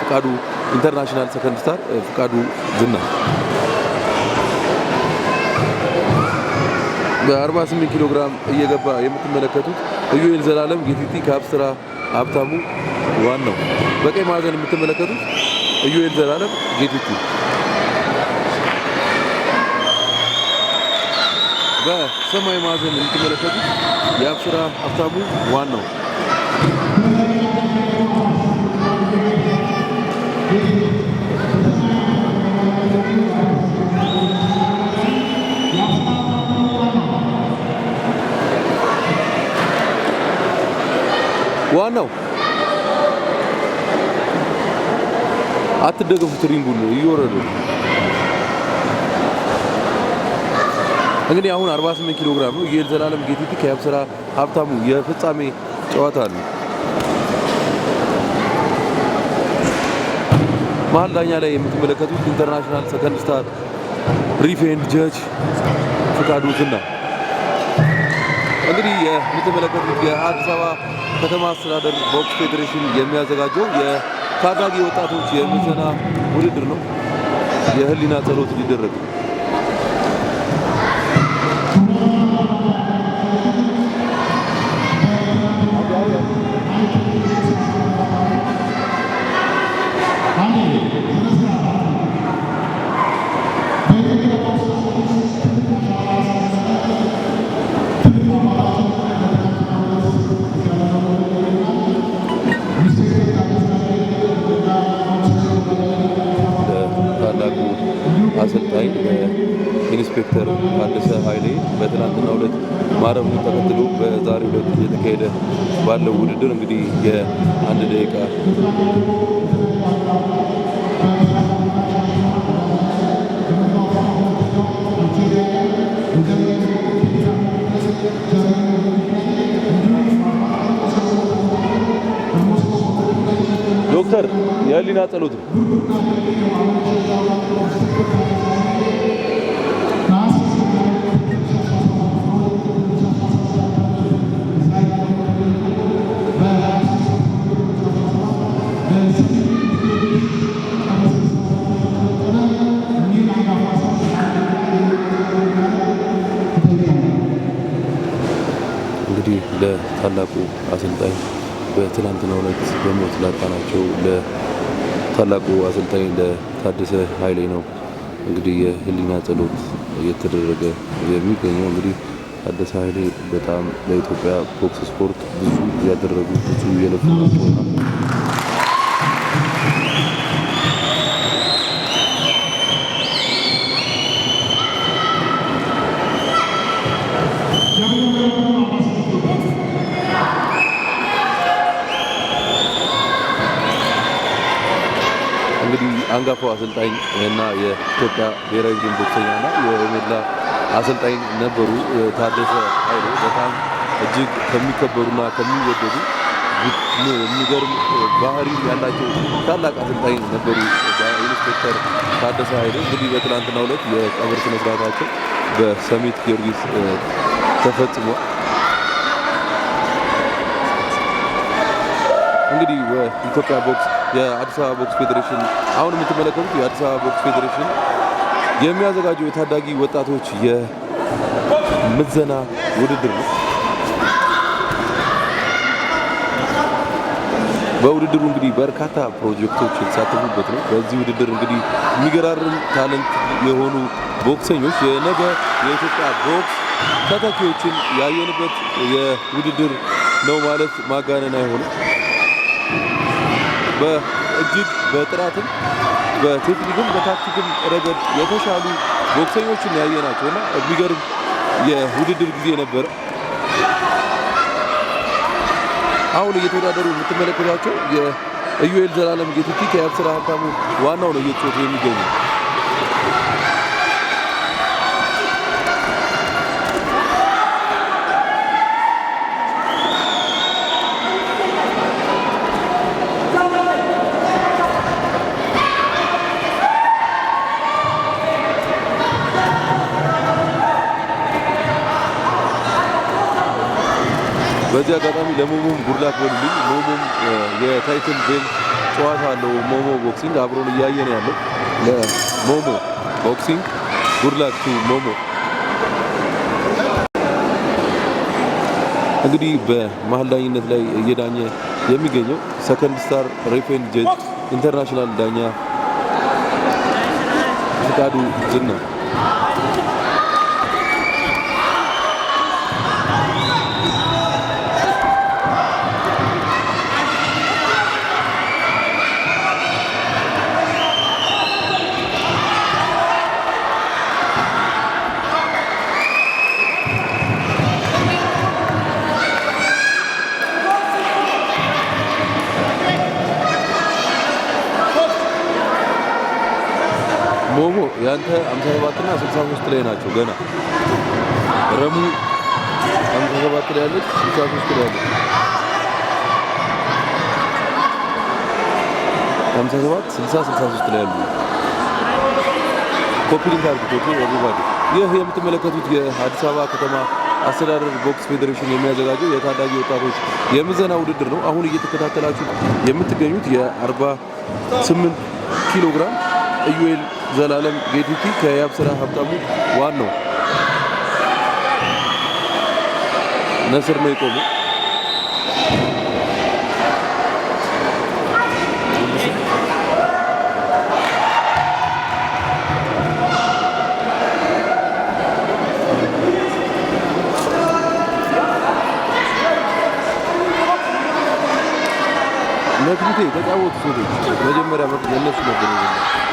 ፍቃዱ ኢንተርናሽናል ሰከንድ ስታር ፍቃዱ ዝና በ48 ኪሎ ግራም እየገባ የምትመለከቱት ኢዩኤል ዘላለም ጌቲቲ ከአብስራ ሀብታሙ ነው። በቀይ ማዕዘን የምትመለከቱት ኢዩኤል ዘላለም ጌቲቲ በሰማይ ማዕዘን የምትመለከቱት የአብስራ ሀብታሙ ነው። ዋናው አትደገፉት ሪንጉን እየወረዱ እንግዲህ አሁን 48 ኪሎ ግራም ነው። ዘላለም ጌቲቲ ከያብስራ ሀብታሙ የፍጻሜ ጨዋታ አለ። መሀል ዳኛ ላይ የምትመለከቱት ኢንተርናሽናል ሰከንድ ስታር ሪፌንድ ጀጅ ፍቃዱ ዝና እንግዲህ የምትመለከቱት የአዲስ አበባ ከተማ አስተዳደር ቦክስ ፌዴሬሽን የሚያዘጋጀው የታዳጊ ወጣቶች የምስጋና ውድድር ነው። የህሊና ጸሎት ሊደረግ ለውድድር እንግዲህ የአንድ ደቂቃ ዶክተር የህሊና ጸሎት ነው። እንግዲህ ለታላቁ አሰልጣኝ በትናንትናው ዕለት በሞት ላጣናቸው ለታላቁ አሰልጣኝ ለታደሰ ኃይሌ ነው እንግዲህ የህሊና ጸሎት እየተደረገ የሚገኘው። እንግዲህ ታደሰ ኃይሌ በጣም ለኢትዮጵያ ቦክስ ስፖርት ብዙ እያደረጉ ብዙ የለፉ አንጋፋው አሰልጣኝ እና የኢትዮጵያ ብሔራዊ ቡድን ቦክሰኛና የኦሜድላ አሰልጣኝ ነበሩ። ታደሰ ኃይሉ በጣም እጅግ ከሚከበሩና ከሚወደዱ የሚገርም ባህሪ ያላቸው ታላቅ አሰልጣኝ ነበሩ። ኢንስፔክተር ታደሰ ኃይሉ እንግዲህ በትናንትናው ዕለት የቀብር ስነስርዓታቸው በሰሜት ጊዮርጊስ ተፈጽሟል። እንግዲህ በኢትዮጵያ ቦክስ የአዲስ አበባ ቦክስ ፌዴሬሽን አሁን የምትመለከቱት የአዲስ አበባ ቦክስ ፌዴሬሽን የሚያዘጋጀው የታዳጊ ወጣቶች የምዘና ውድድር ነው። በውድድሩ እንግዲህ በርካታ ፕሮጀክቶች የተሳተፉበት ነው። በዚህ ውድድር እንግዲህ የሚገራርም ታለንት የሆኑ ቦክሰኞች የነገ የኢትዮጵያ ቦክስ ተተኪዎችን ያየንበት የውድድር ነው ማለት ማጋነን አይሆንም። በእጅግ በጥራትም በቴክኒክም በታክቲክም ረገድ የተሻሉ ቦክሰኞችን ናቸው እና የሚገርም የውድድር ጊዜ ነበረ። አሁን እየተወዳደሩ የምትመለከቷቸው የኢዩኤል ዘላለም ጌትቲ ከያብስራ ሀብታሙ ዋናው ነው እየተጫወቱ የሚገኙ በዚህ አጋጣሚ ለሞሞም ጉድላት በሉልኝ። ሞሞም የታይትል ቤል ጨዋታ አለው። ሞሞ ቦክሲንግ አብሮን እያየን ያለው ለሞሞ ቦክሲንግ ጉድላት ቱ ሞሞ። እንግዲህ በመሀል ዳኝነት ላይ እየዳኘ የሚገኘው ሰከንድ ስታር ሬፌን ጀጅ ኢንተርናሽናል ዳኛ ፍቃዱ ዝና ያንተ 57 እና 63 ላይ ናቸው ገና ረሙ 57 ላይ ያለች 63 ላይ ያለች 57 60 63 ላይ ያሉ ኮፒ ሊንክ አድርጉት። ኮፒ ኤቭሪባዲ። ይህ የምትመለከቱት የአዲስ አበባ ከተማ አስተዳደር ቦክስ ፌዴሬሽን የሚያዘጋጀው የታዳጊ ወጣቶች የምዘና ውድድር ነው። አሁን እየተከታተላችሁ የምትገኙት የ48 ኪሎ ግራም ኢዩኤል ዘላለም ጌቲቲ ከያብስራ ሀብታሙ ዋን ነው ነስር ነው የቆሙ ለትንቴ ተጫወቱ ሴቶች መጀመሪያ የእነሱ ነበር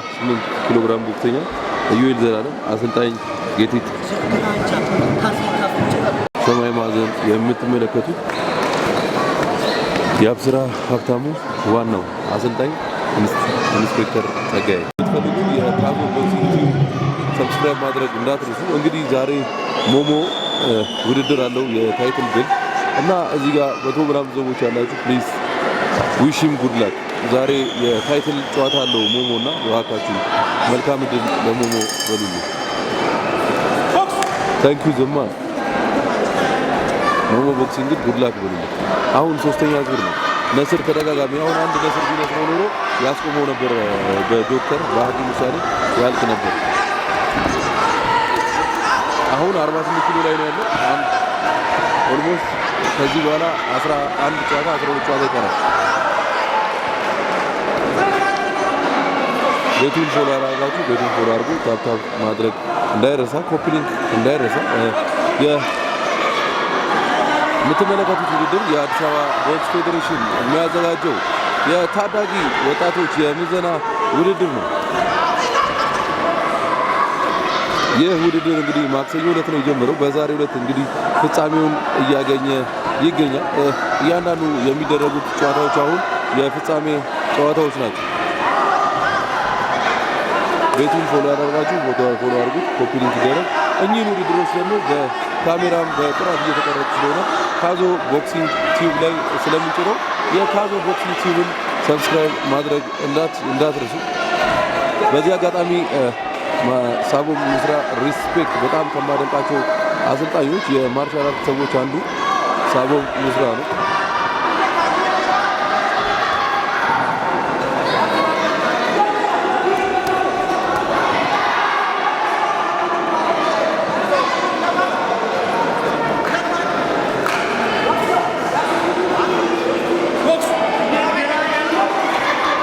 58 ኪሎ ግራም ቦክሰኛ ኢዩኤል ዘላለም፣ አሰልጣኝ ጌቲት ሰማይ ማዘን የምትመለከቱት የአብስራ ሀብታሙ ዋናው አሰልጣኝ ኢንስፔክተር ጸጋይ የምትፈልጉ የታቦ ቦክሲንግ ሰብስክራይብ ማድረግ እንዳትርሱ። እንግዲህ ዛሬ ሞሞ ውድድር አለው የታይትል ድል እና እዚህ ጋር መቶ ግራም ዘቦች ያላችሁ ፕሊዝ ዊሽም ጉድላክ። ዛሬ የታይትል ጨዋታ አለው ሞሞ እና እባካችሁ መልካም እድል ለሞሞ በሉሉ። ታንኪዩ ዘማ ሞሞ ቦክሲንግ ጉድላክ በሉሉ። አሁን ሶስተኛ ዙር ነው። ነስር ተደጋጋሚ አሁን አንድ ነስር ቢነስረው ኖሮ ያስቆመው ነበር። በዶክተር ባህዲ ምሳሌ ያልቅ ነበር። አሁን 48 ኪሎ ላይ ነው ያለው ኦልሞስት ከዚህ በኋላ 11 ጨዋታ 12 ጨዋታ ይቀራል። ቤቱን ፎሎ አድርጋችሁ ቤቱን ፎሎ አድርጉ። ታብታብ ማድረግ እንዳይረሳ፣ ኮፕሊንግ እንዳይረሳ። የምትመለከቱት ውድድር የአዲስ አበባ ቦክስ ፌዴሬሽን የሚያዘጋጀው የታዳጊ ወጣቶች የምዘና ውድድር ነው። ይህ ውድድር እንግዲህ ማክሰኞ ዕለት ነው የጀመረው። በዛሬ ዕለት እንግዲህ ፍጻሜውን እያገኘ ይገኛል። እያንዳንዱ የሚደረጉት ጨዋታዎች አሁን የፍጻሜ ጨዋታዎች ናቸው። ቤቱን ፎሎ ያደረጋችሁ ፎቶ ፎሎ አድርጉት፣ ኮፒ ሊንክ ይደረግ። እኚህን ውድድሮች ደግሞ በካሜራም በጥራት እየተቀረጹ ስለሆነ ካዞ ቦክሲንግ ቲዩብ ላይ ስለምንጭነው የካዞ ቦክሲንግ ቲዩብን ሰብስክራይብ ማድረግ እንዳትርሱ። በዚህ አጋጣሚ ሳጎም ምስራ ሪስፔክት በጣም ከማደንቃቸው አሰልጣኞች የማርሻል አርት ሰዎች አንዱ ሳጎም ምስራ ነው።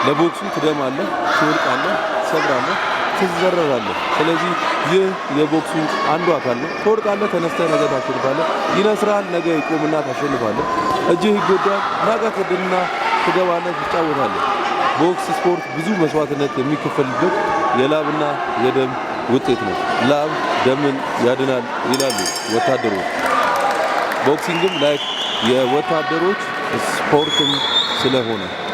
ለቦክሱ ትደማለህ፣ ትወድቃለህ፣ ትሰብራለህ ትዘረራለህ። ስለዚህ ይህ የቦክሱ አንዱ አካል ነው። ትወድቃለህ፣ ተነስተህ ነገ ታሸንፋለህ። ይነስራል፣ ነገ ይቆምና ታሸንፋለህ። እጅህ ይጎዳል፣ ነገ ትድና ትገባለህ፣ ትጫወታለህ። ቦክስ ስፖርት ብዙ መስዋዕትነት የሚከፈልበት የላብና የደም ውጤት ነው። ላብ ደምን ያድናል ይላሉ ወታደሮች። ቦክሲንግም ላይ የወታደሮች ስፖርትም ስለሆነ